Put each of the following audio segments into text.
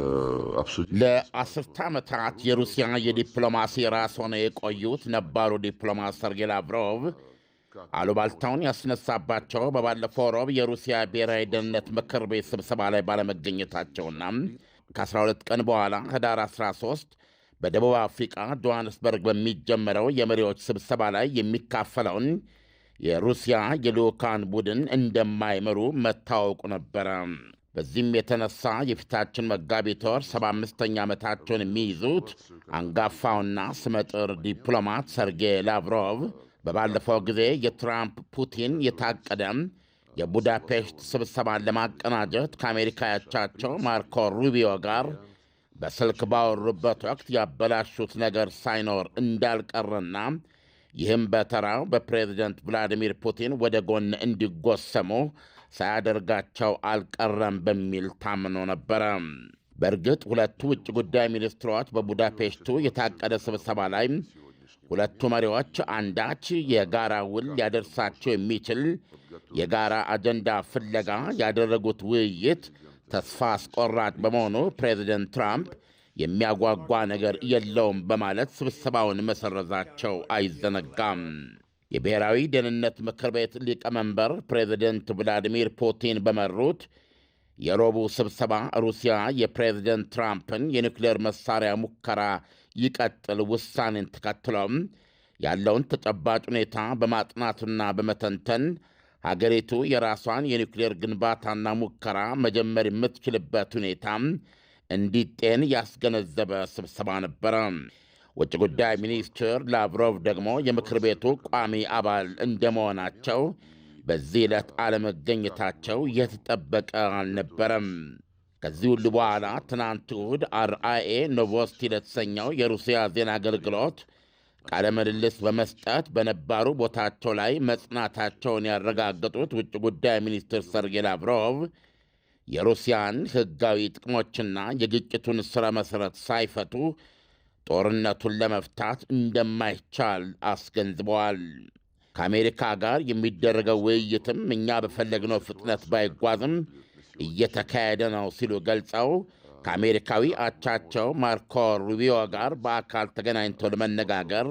Euh, ለአስርት ዓመታት የሩሲያ የዲፕሎማሲ ራስ ሆነ የቆዩት ነባሩ ዲፕሎማት ሰርጌ ላቭሮቭ አሉባልታውን ያስነሳባቸው በባለፈው ሮብ የሩሲያ ብሔራዊ ደህንነት ምክር ቤት ስብሰባ ላይ ባለመገኘታቸውና ከ12 ቀን በኋላ ህዳር 13 በደቡብ አፍሪቃ ጆሃንስበርግ በሚጀመረው የመሪዎች ስብሰባ ላይ የሚካፈለውን የሩሲያ የልዑካን ቡድን እንደማይመሩ መታወቁ ነበረ። በዚህም የተነሳ የፊታችን መጋቢት ወር 75ኛ ዓመታቸውን የሚይዙት አንጋፋውና ስመጥር ዲፕሎማት ሰርጌይ ላቭሮቭ በባለፈው ጊዜ የትራምፕ ፑቲን የታቀደም የቡዳፔሽት ስብሰባን ለማቀናጀት ከአሜሪካ ያቻቸው ማርኮ ሩቢዮ ጋር በስልክ ባወሩበት ወቅት ያበላሹት ነገር ሳይኖር እንዳልቀረና ይህም በተራው በፕሬዚደንት ቭላዲሚር ፑቲን ወደ ጎን እንዲጎሰሙ ሳያደርጋቸው አልቀረም በሚል ታምኖ ነበረ። በእርግጥ ሁለቱ ውጭ ጉዳይ ሚኒስትሮች በቡዳፔስቱ የታቀደ ስብሰባ ላይ ሁለቱ መሪዎች አንዳች የጋራ ውል ሊያደርሳቸው የሚችል የጋራ አጀንዳ ፍለጋ ያደረጉት ውይይት ተስፋ አስቆራጭ በመሆኑ ፕሬዚደንት ትራምፕ የሚያጓጓ ነገር የለውም በማለት ስብሰባውን መሰረዛቸው አይዘነጋም። የብሔራዊ ደህንነት ምክር ቤት ሊቀመንበር ፕሬዚደንት ቭላዲሚር ፑቲን በመሩት የሮቡ ስብሰባ ሩሲያ የፕሬዚደንት ትራምፕን የኒውክሌር መሳሪያ ሙከራ ይቀጥል ውሳኔን ተከትሎም ያለውን ተጨባጭ ሁኔታ በማጥናቱና በመተንተን ሀገሪቱ የራሷን የኒውክሌር ግንባታና ሙከራ መጀመር የምትችልበት ሁኔታ እንዲጤን ያስገነዘበ ስብሰባ ነበረ። ውጭ ጉዳይ ሚኒስትር ላቭሮቭ ደግሞ የምክር ቤቱ ቋሚ አባል እንደመሆናቸው በዚህ ዕለት አለመገኘታቸው የተጠበቀ አልነበረም። ከዚህ ሁሉ በኋላ ትናንት እሁድ አርአኤ ኖቮስቲ ለተሰኘው የሩሲያ ዜና አገልግሎት ቃለ ምልልስ በመስጠት በነባሩ ቦታቸው ላይ መጽናታቸውን ያረጋገጡት ውጭ ጉዳይ ሚኒስትር ሰርጌይ ላቭሮቭ የሩሲያን ሕጋዊ ጥቅሞችና የግጭቱን ሥረ መሠረት ሳይፈቱ ጦርነቱን ለመፍታት እንደማይቻል አስገንዝበዋል። ከአሜሪካ ጋር የሚደረገው ውይይትም እኛ በፈለግነው ፍጥነት ባይጓዝም እየተካሄደ ነው ሲሉ ገልጸው ከአሜሪካዊ አቻቸው ማርኮ ሩቢዮ ጋር በአካል ተገናኝተው ለመነጋገር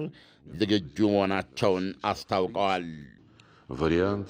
ዝግጁ መሆናቸውን አስታውቀዋል። ቫሪያንት